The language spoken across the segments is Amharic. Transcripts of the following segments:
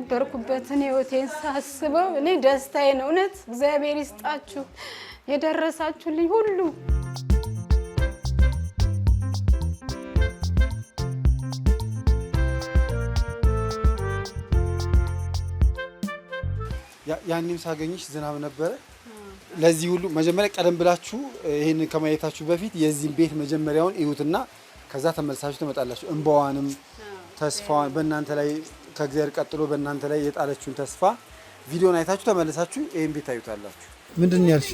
የነበርኩበትን ህይወቴን ሳስበው እኔ ደስታዬ ነው። እውነት እግዚአብሔር ይስጣችሁ የደረሳችሁልኝ ሁሉ። ያኔም ሳገኝሽ ዝናብ ነበረ። ለዚህ ሁሉ መጀመሪያ ቀደም ብላችሁ ይህን ከማየታችሁ በፊት የዚህን ቤት መጀመሪያውን እዩትና ከዛ ተመልሳችሁ ትመጣላችሁ። እንባዋንም ተስፋዋን በእናንተ ላይ ከእግዚአብሔር ቀጥሎ በእናንተ ላይ የጣለችውን ተስፋ ቪዲዮን አይታችሁ ተመልሳችሁ ይህን ቤት ታዩታላችሁ። ምንድን ያልሽ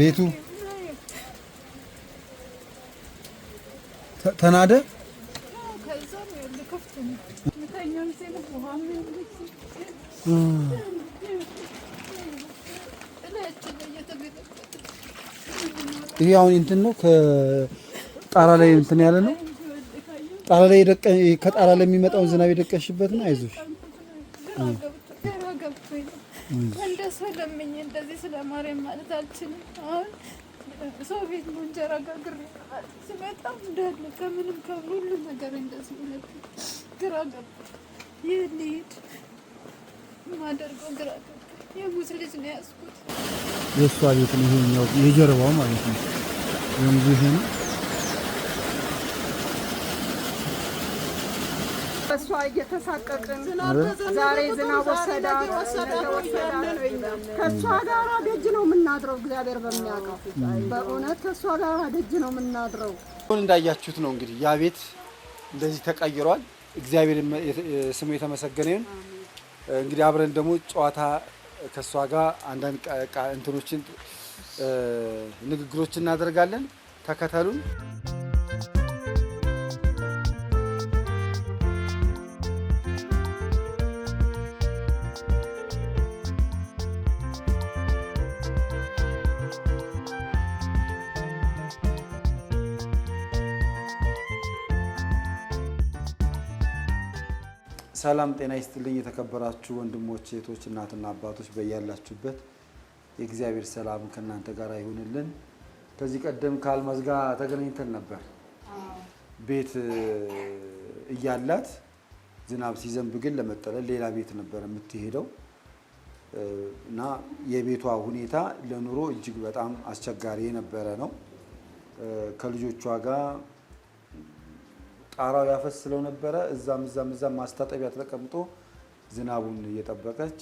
ቤቱ ተናደ። ይህ አሁን እንትን ነው ከጣራ ላይ እንትን ያለ ነው ጣራ ላይ ከጣራ ላይ የሚመጣውን ዝናብ የደቀሽበትን አይዞሽ። እንደዚህ ስለ ማለት አልችልም። አሁን ሰው ቤት ነው እንጀራ ጋግሬ ስመጣ እንዳለ ከምንም ሁሉ ነገር እንደዚህ ግራ ግራ ገብቶኝ የሙዝ ልጅ ነው ያዝኩት። የእሷ ቤት ነው ይሄኛው የጀርባው ማለት ነው። ነው ከእሷ እየተሳቀቅን ዛሬ ዝናብ ወሰዳት፣ ከእሷ ጋር ደጅ ነው የምናድረው። እግዚአብሔር በሚያውቀው በእውነት ከእሷ ጋር ደጅ ነው የምናድረው። እንዳያችሁት ነው እንግዲህ ያ ቤት እንደዚህ ተቀይሯል። እግዚአብሔር ስሙ የተመሰገነ ይሁን። እንግዲህ አብረን ደግሞ ጨዋታ ከእሷ ጋር አንዳንድ እንትኖችን ንግግሮች እናደርጋለን። ተከተሉን። ሰላም ጤና ይስጥልኝ። የተከበራችሁ ወንድሞች፣ ሴቶች፣ እናትና አባቶች በያላችሁበት የእግዚአብሔር ሰላም ከእናንተ ጋር ይሁንልን። ከዚህ ቀደም ከአልማዝ ጋር ተገናኝተን ነበር። ቤት እያላት ዝናብ ሲዘንብ ግን ለመጠለል ሌላ ቤት ነበር የምትሄደው እና የቤቷ ሁኔታ ለኑሮ እጅግ በጣም አስቸጋሪ የነበረ ነው። ከልጆቿ ጋር ጣራው ያፈስ ስለነበረ እዛም እዛም እዛም ማስታጠቢያ ተቀምጦ ዝናቡን እየጠበቀች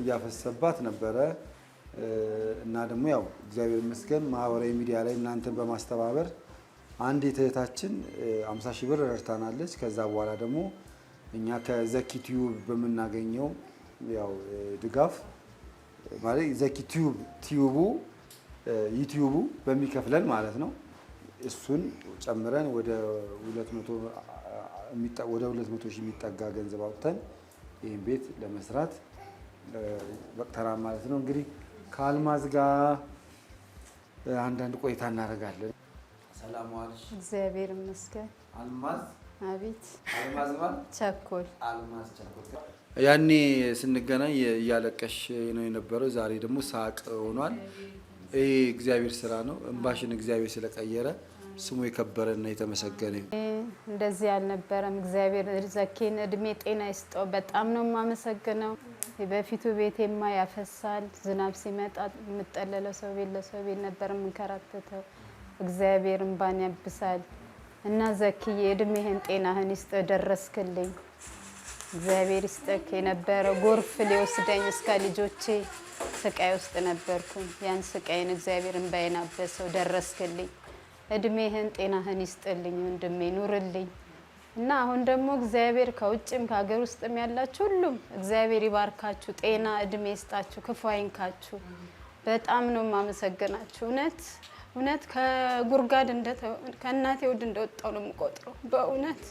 እያፈሰባት ነበረ እና ደግሞ ያው እግዚአብሔር ይመስገን ማህበራዊ ሚዲያ ላይ እናንተን በማስተባበር አንድ እህታችን 50 ሺህ ብር ረድታናለች። ከዛ በኋላ ደግሞ እኛ ከዘኪ ቲዩብ በምናገኘው ያው ድጋፍ ማለት ዘኪ ቲዩቡ ዩቲዩቡ በሚከፍለን ማለት ነው እሱን ጨምረን ወደ 200 ሺህ የሚጠጋ ገንዘብ አውጥተን ይህን ቤት ለመስራት በቅተናል ማለት ነው። እንግዲህ ከአልማዝ ጋር አንዳንድ ቆይታ እናደርጋለን። ሰላም ዋልሽ። እግዚአብሔር ይመስገን። አልማዝ አቤት። አልማዝ ቸኮል አልማዝ ቸኮል ያኔ ስንገናኝ እያለቀሽ ነው የነበረው። ዛሬ ደግሞ ሳቅ ሆኗል። ይሄ እግዚአብሔር ስራ ነው። እንባሽን እግዚአብሔር ስለቀየረ ስሙ የከበረና የተመሰገነ እንደዚህ አልነበረም። እግዚአብሔር ዘኬን እድሜ ጤና ይስጠው። በጣም ነው የማመሰግነው። በፊቱ ቤቴማ ያፈሳል። ዝናብ ሲመጣ የምጠለለው ሰው ቤት ለሰው ቤት ነበር የምንከራተተው። እግዚአብሔር እንባን ያብሳል እና ዘክዬ እድሜህን ጤናህን ይስጥ። ደረስክልኝ። እግዚአብሔር ይስጠክ። የነበረ ጎርፍ ሊወስደኝ እስከ ልጆቼ ስቃይ ውስጥ ነበርኩኝ። ያን ስቃይን እግዚአብሔር እንባዬን አበሰው። ደረስክልኝ። እድሜህን ጤናህን ይስጥልኝ ወንድሜ፣ ኑርልኝ እና አሁን ደግሞ እግዚአብሔር ከውጭም ከሀገር ውስጥም ያላችሁ ሁሉም እግዚአብሔር ይባርካችሁ፣ ጤና እድሜ ይስጣችሁ፣ ክፉ አይንካችሁ። በጣም ነው የማመሰግናችሁ። እውነት እውነት ከጉርጋድ ከእናቴ ውድ እንደወጣው ነው የምቆጥረው። በእውነት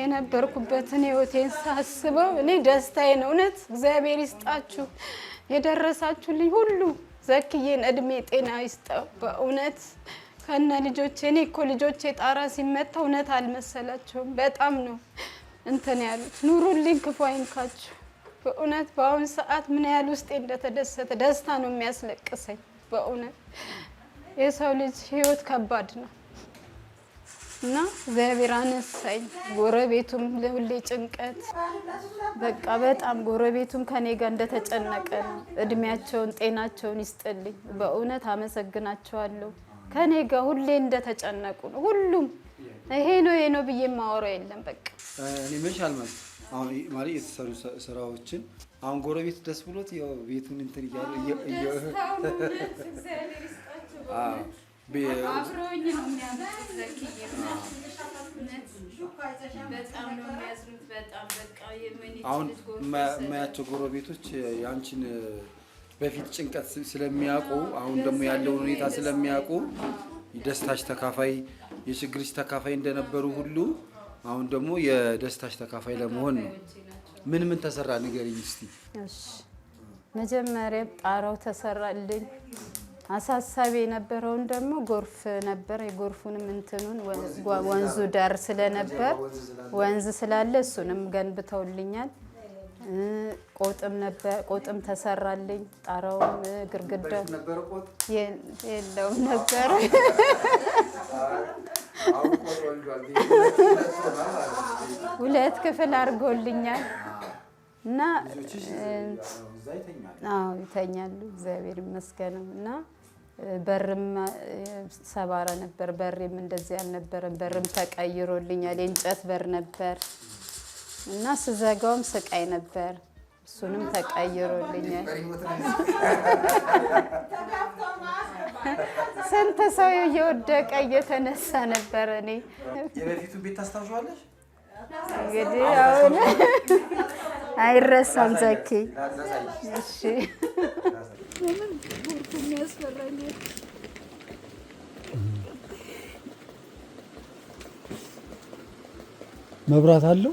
የነበርኩበትን ህይወቴን ሳስበው እኔ ደስታዬ ነው። እውነት እግዚአብሔር ይስጣችሁ የደረሳችሁልኝ ሁሉ ዘክዬን እድሜ ጤና ይስጠው በእውነት ከነ ልጆቼ እኔ እኮ ልጆቼ ጣራ ሲመታ እውነት አልመሰላቸውም። በጣም ነው እንትን ያሉት። ኑሩልኝ፣ ክፉ አይንካችሁ። በእውነት በአሁኑ ሰዓት ምን ያህል ውስጤ እንደተደሰተ ደስታ ነው የሚያስለቅሰኝ። በእውነት የሰው ልጅ ህይወት ከባድ ነው እና እግዚአብሔር አነሳኝ። ጎረቤቱም ለሁሌ ጭንቀት በቃ በጣም ጎረቤቱም ከኔ ጋር እንደተጨነቀ ነው። እድሜያቸውን ጤናቸውን ይስጥልኝ። በእውነት አመሰግናቸዋለሁ። ከኔ ጋር ሁሌ እንደተጨነቁ ነው ሁሉም። ይሄ ነው ይሄ ነው ብዬ የማወራው የለም። በቃ እኔ መች ማለት አሁን ማለት የተሰሩ ስራዎችን አሁን ጎረቤት ደስ ብሎት ያው ቤቱን እንትን እያለ አሁን የማያቸው ጎረቤቶች የአንቺን በፊት ጭንቀት ስለሚያውቁ አሁን ደግሞ ያለውን ሁኔታ ስለሚያውቁ ደስታሽ ተካፋይ የችግርሽ ተካፋይ እንደነበሩ ሁሉ አሁን ደግሞ የደስታሽ ተካፋይ ለመሆን ነው። ምን ምን ተሰራ ንገሪኝ እስቲ። መጀመሪያ ጣራው ተሰራልኝ። አሳሳቢ የነበረውን ደግሞ ጎርፍ ነበር። የጎርፉንም እንትኑን ወንዙ ዳር ስለነበር ወንዝ ስላለ እሱንም ገንብተውልኛል። ቆጥም ነበር። ቆጥም ተሰራልኝ። ጣራውም ግርግዳ የለውም ነበር። ሁለት ክፍል አድርጎልኛል እና አዎ ይተኛሉ። እግዚአብሔር ይመስገነው እና በርም ሰባራ ነበር። በሬም እንደዚህ አልነበረም። በርም ተቀይሮልኛል። የእንጨት በር ነበር። እና ስዘጋውም ስቃይ ነበር። እሱንም ተቀይሮልኛል። ስንት ሰው እየወደቀ እየተነሳ ነበር። እኔ የበፊቱን ቤት ታስታውሻለሽ? እንግዲህ አሁን አይረሳም። ዘኪ እሺ፣ መብራት አለው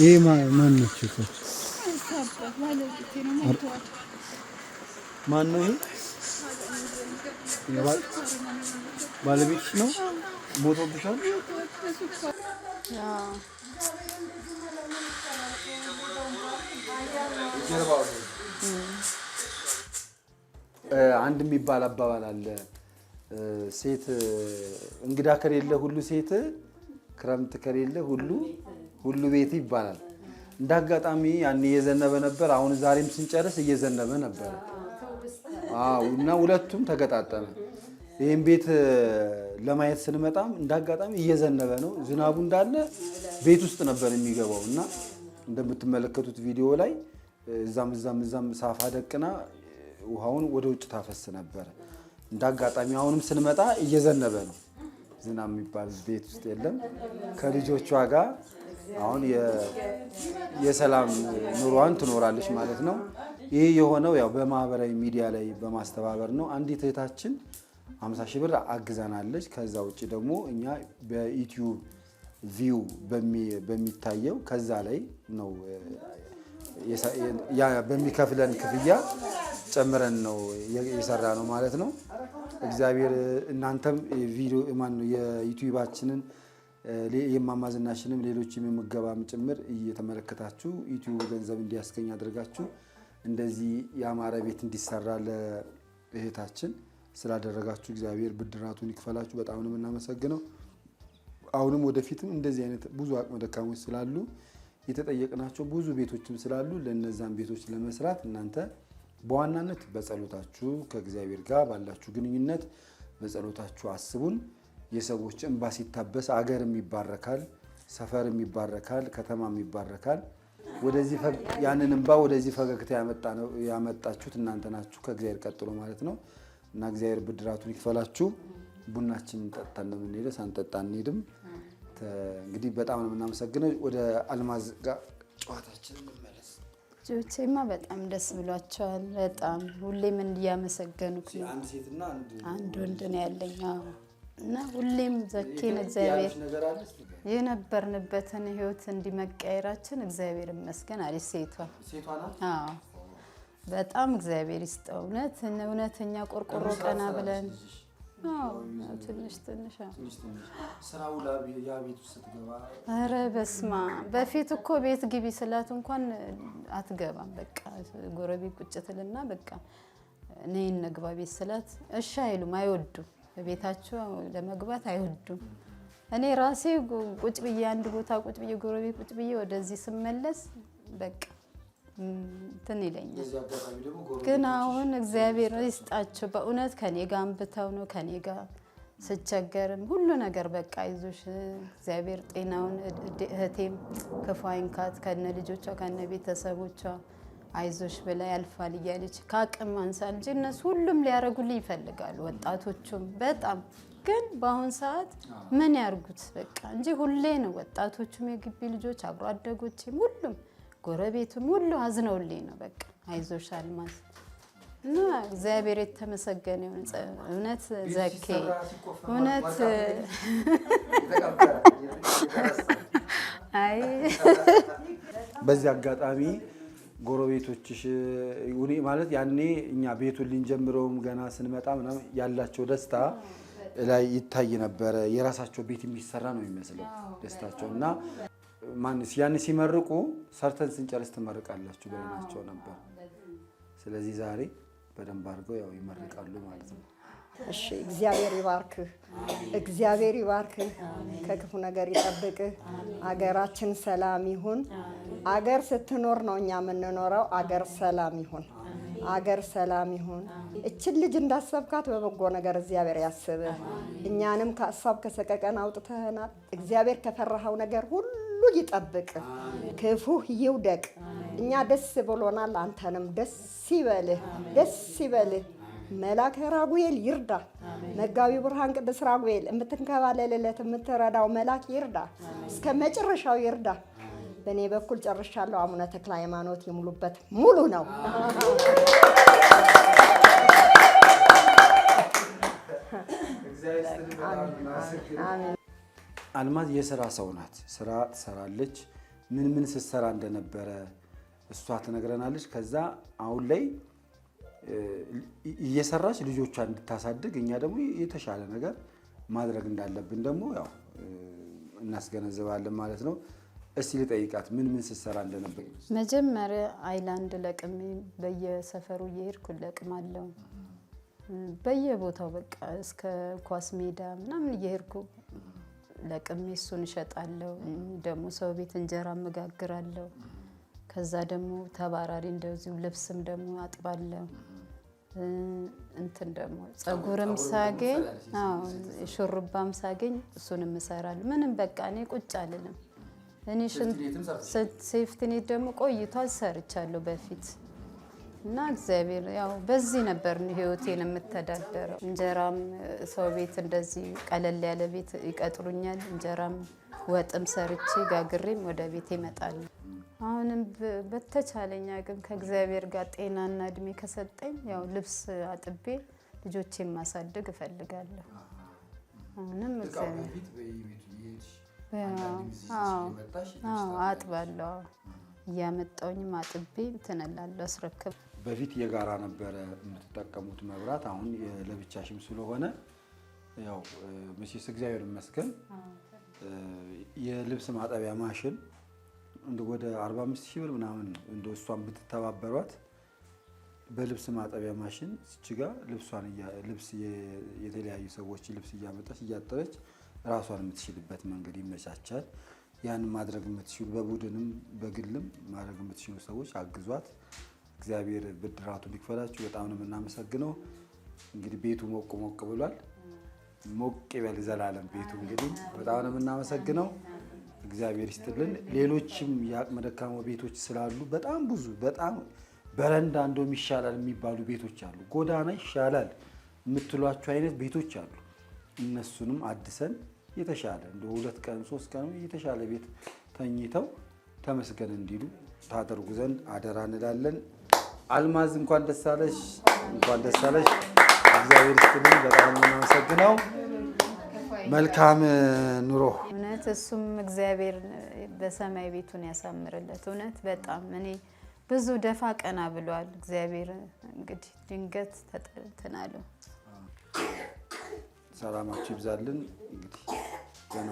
ይህ ማን ነች? ማን ነው ይሄ? ባለቤትሽ ነው? ሞቶብሻል? አንድ የሚባል አባባል አለ። ሴት እንግዳ ከሌለ ሁሉ ሴት ክረምት ከሌለ ሁሉ ሁሉ ቤት ይባላል። እንደ አጋጣሚ ያኔ እየዘነበ ነበር። አሁን ዛሬም ስንጨርስ እየዘነበ ነበር። አዎ እና ሁለቱም ተገጣጠመ። ይህም ቤት ለማየት ስንመጣም እንደ አጋጣሚ እየዘነበ ነው። ዝናቡ እንዳለ ቤት ውስጥ ነበር የሚገባው እና እንደምትመለከቱት ቪዲዮ ላይ እዛም እዛም እዛም ሳፋ ደቅና ውሃውን ወደ ውጭ ታፈስ ነበረ። እንደ አጋጣሚ አሁንም ስንመጣ እየዘነበ ነው። ዝናብ የሚባል ቤት ውስጥ የለም። ከልጆቿ ጋር አሁን የሰላም ኑሯን ትኖራለች ማለት ነው። ይህ የሆነው ያው በማህበራዊ ሚዲያ ላይ በማስተባበር ነው። አንዲት እህታችን ሃምሳ ሺህ ብር አግዛናለች። ከዛ ውጭ ደግሞ እኛ በዩቲዩብ ቪው በሚታየው ከዛ ላይ ነው በሚከፍለን ክፍያ ጨምረን ነው የሰራ ነው ማለት ነው። እግዚአብሔር እናንተም ቪዲዮ ማን ሌሎች የዩቲዩባችንን የምገባም ጭምር እየተመለከታችሁ ዩቲዩብ ገንዘብ እንዲያስገኝ አድርጋችሁ እንደዚህ የአማረ ቤት እንዲሰራ ለእህታችን ስላደረጋችሁ እግዚአብሔር ብድራቱን ይክፈላችሁ። በጣም ነው የምናመሰግነው። አሁንም ወደፊትም እንደዚህ አይነት ብዙ አቅመ ደካሞች ስላሉ የተጠየቅናቸው ብዙ ቤቶችም ስላሉ ለእነዛን ቤቶች ለመስራት እናንተ በዋናነት በጸሎታችሁ ከእግዚአብሔር ጋር ባላችሁ ግንኙነት በጸሎታችሁ አስቡን። የሰዎች እንባ ሲታበስ አገርም ይባረካል፣ ሰፈርም ይባረካል፣ ከተማም ይባረካል። ወደዚህ ያንን እንባ ወደዚህ ፈገግታ ያመጣችሁት እናንተ ናችሁ ከእግዚአብሔር ቀጥሎ ማለት ነው። እና እግዚአብሔር ብድራቱን ይክፈላችሁ። ቡናችንን ጠጥተን ነው የምንሄደው፣ ሳንጠጣ እንሄድም። እንግዲህ በጣም ነው የምናመሰግነው። ወደ አልማዝ ጋር ጨዋታችን ልጆቼማ በጣም ደስ ብሏቸዋል። በጣም ሁሌም እያመሰገኑክ ነው። አንድ ወንድ ነው ያለኝ እና ሁሌም ዘኬን እግዚአብሔር የነበርንበትን ህይወት እንዲመቀየራችን እግዚአብሔር ይመስገን አለች ሴቷ። በጣም እግዚአብሔር ይስጠው እውነት እውነተኛ ቆርቆሮ ቀና ብለን ትንሽ ትንሽ ስራው ያ ስትገባ፣ ኧረ በፊት እኮ ቤት ግቢ ስላት እንኳን አትገባም። በቃ ጎረቤት ቁጭ ትልና በቃ እንግባ ቤት ስላት እሺ አይሉም፣ አይወዱም። ለመግባት አይወዱም። እኔ ራሴ ቁጭ ብዬ አንድ ቦታ ቁጭ ብዬ ጎረቤት ቁጭ ብዬ ወደዚህ ስመለስ በቃ እንትን ይለኛል። ግን አሁን እግዚአብሔር ይስጣቸው በእውነት ከኔ ጋ አንብተው ነው ከኔ ጋ ስቸገርም ሁሉ ነገር በቃ ይዞሽ እግዚአብሔር ጤናውን እህቴም ክፉ አይንካት ከነ ልጆቿ ከነ ቤተሰቦቿ አይዞሽ ብላ ያልፋል እያለች ከአቅም አንሳል እንጂ እነሱ ሁሉም ሊያደርጉልኝ ይፈልጋሉ። ወጣቶቹም በጣም ግን በአሁን ሰዓት ምን ያርጉት በቃ እንጂ ሁሌ ነው ወጣቶቹም የግቢ ልጆች አብሮ አደጎችም ሁሉም ጎረቤትም ሁሉ አዝነውልኝ ነው በቃ አይዞሽ አልማዝ እና እግዚአብሔር የተመሰገነ ይሁን። እውነት ዘኬ እውነት አይ በዚህ አጋጣሚ ጎረቤቶችሽ ማለት ያኔ እኛ ቤቱን ልንጀምረውም ገና ስንመጣ ምናምን ያላቸው ደስታ ላይ ይታይ ነበረ። የራሳቸው ቤት የሚሰራ ነው የሚመስለው ደስታቸው እና ማንስ ያን ሲመርቁ ሰርተን ስንጨርስ ትመርቃላችሁ ብለናቸው ነበር። ስለዚህ ዛሬ በደንብ አድርገው ያው ይመርቃሉ ማለት ነው። እሺ እግዚአብሔር ይባርክህ፣ እግዚአብሔር ይባርክህ፣ ከክፉ ነገር ይጠብቅህ። አገራችን ሰላም ይሁን። አገር ስትኖር ነው እኛ የምንኖረው። አገር ሰላም ይሁን፣ አገር ሰላም ይሁን። እችን ልጅ እንዳሰብካት በበጎ ነገር እግዚአብሔር ያስብህ። እኛንም ከሀሳብ ከሰቀቀን አውጥተህናል። እግዚአብሔር ከፈራኸው ነገር ሁሉ ሁሉ ይጠብቅ፣ ክፉህ ይውደቅ። እኛ ደስ ብሎናል፣ አንተንም ደስ ይበልህ፣ ደስ ይበልህ። መላከ ራጉኤል ይርዳ። መጋቢ ብርሃን ቅዱስ ራጉኤል የምትንከባለልለት የምትረዳው መላክ ይርዳ፣ እስከ መጨረሻው ይርዳ። በእኔ በኩል ጨርሻለሁ። አቡነ ተክለ ሃይማኖት የሙሉበት ሙሉ ነው። አሜን። አልማዝ የስራ ሰው ናት። ስራ ትሰራለች። ምን ምን ስትሰራ እንደነበረ እሷ ትነግረናለች። ከዛ አሁን ላይ እየሰራች ልጆቿ እንድታሳድግ እኛ ደግሞ የተሻለ ነገር ማድረግ እንዳለብን ደግሞ ያው እናስገነዝባለን ማለት ነው። እስቲ ልጠይቃት ምን ምን ስትሰራ እንደነበር። መጀመሪያ አይላንድ ለቅሜ በየሰፈሩ እየሄድኩ ለቅማለሁ። በየቦታው በቃ እስከ ኳስ ሜዳ ምናምን እየሄድኩ ለቅሜ እሱን እሸጣለሁ። ደግሞ ሰው ቤት እንጀራ እመጋግራለሁ። ከዛ ደግሞ ተባራሪ እንደዚሁ ልብስም ደግሞ አጥባለሁ። እንትን ደግሞ ጸጉርም ሳገኝ ሹርባም ሳገኝ እሱንም እሰራለሁ። ምንም በቃ እኔ ቁጭ አልልም። እኔ ሴፍትኔት ደግሞ ቆይቷል ሰርቻለሁ በፊት እና እግዚአብሔር ያው በዚህ ነበር ህይወቴን የምተዳደረው። እንጀራም ሰው ቤት እንደዚህ ቀለል ያለ ቤት ይቀጥሩኛል። እንጀራም ወጥም ሰርቼ ጋግሬም ወደ ቤት ይመጣል። አሁንም በተቻለኛ ግን ከእግዚአብሔር ጋር ጤናና እድሜ ከሰጠኝ ያው ልብስ አጥቤ ልጆቼን ማሳደግ እፈልጋለሁ። አሁንም እግዚአብሔር አጥባለሁ እያመጣውኝም አጥቤ ትንላለሁ አስረክብ በፊት የጋራ ነበረ የምትጠቀሙት መብራት፣ አሁን ለብቻሽም ስለሆነ ያው ምስስ እግዚአብሔር ይመስገን የልብስ ማጠቢያ ማሽን ወደ 45 ሺህ ብር ምናምን እንደ እሷን ብትተባበሯት በልብስ ማጠቢያ ማሽን ስችጋ ልብሷን ልብስ የተለያዩ ሰዎች ልብስ እያመጣች እያጠበች ራሷን የምትችልበት መንገድ ይመቻቻል። ያን ማድረግ የምትችሉ በቡድንም በግልም ማድረግ የምትችሉ ሰዎች አግዟት። እግዚአብሔር ብድራቱን ይክፈላችሁ። በጣም ነው የምናመሰግነው። እንግዲህ ቤቱ ሞቅ ሞቅ ብሏል። ሞቅ ይበል ዘላለም ቤቱ። እንግዲህ በጣም ነው የምናመሰግነው። እግዚአብሔር ይስጥልን። ሌሎችም የአቅመ ደካሞ ቤቶች ስላሉ በጣም ብዙ በጣም በረንዳ እንደውም ይሻላል የሚባሉ ቤቶች አሉ። ጎዳና ይሻላል የምትሏቸው አይነት ቤቶች አሉ። እነሱንም አድሰን የተሻለ እንደ ሁለት ቀን ሶስት ቀን የተሻለ ቤት ተኝተው ተመስገን እንዲሉ ታደርጉ ዘንድ አደራ እንላለን። አልማዝ እንኳን ደስ አለሽ፣ እንኳን ደስ አለሽ። እግዚአብሔር ይስጥልኝ። በጣም የምናመሰግነው መልካም ኑሮ። እውነት እሱም እግዚአብሔር በሰማይ ቤቱን ያሳምርለት። እውነት በጣም እኔ ብዙ ደፋ ቀና ብሏል። እግዚአብሔር እንግዲህ ድንገት ተጠልትናሉ። ሰላማችሁ ይብዛልን። እንግዲህ ገና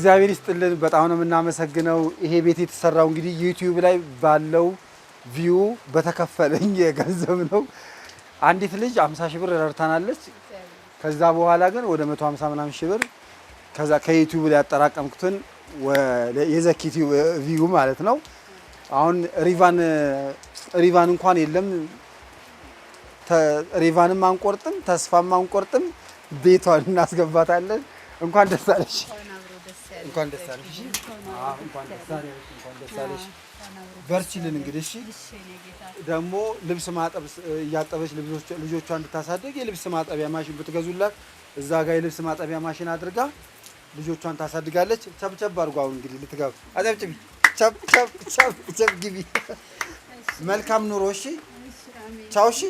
እግዚአብሔር ይስጥልን። በጣም ነው የምናመሰግነው። ይሄ ቤት የተሰራው እንግዲህ ዩቲዩብ ላይ ባለው ቪው በተከፈለኝ የገንዘብ ነው። አንዲት ልጅ 50 ሺህ ብር ረድታናለች። ከዛ በኋላ ግን ወደ 150 ምናምን ሺህ ብር ከዛ ከዩቲዩብ ላይ ያጠራቀምኩትን የዘኪቲ ቪው ማለት ነው። አሁን ሪቫን ሪቫን እንኳን የለም። ሪቫንም አንቆርጥም፣ ተስፋም አንቆርጥም። ቤቷን እናስገባታለን። እንኳን ደስ አለሽ። እንኳን ደስ አለሽ። እንኳን ደስ አለሽ። እንኳን ደስ አለሽ። በርቺልን። እንግዲህ እሺ፣ ደግሞ ልብስ ማጠብ እያጠበች ልጆቿ እንድታሳደግ የልብስ ማጠቢያ ማሽን ብትገዙላት እዛ ጋር የልብስ ማጠቢያ ማሽን አድርጋ ልጆቿን ታሳድጋለች። ቸብቸብ አድርጎ አሁን እንግዲህ አጨብጭቢ። ግቢ። መልካም ኑሮ። እሺ፣ ቻው። እሺ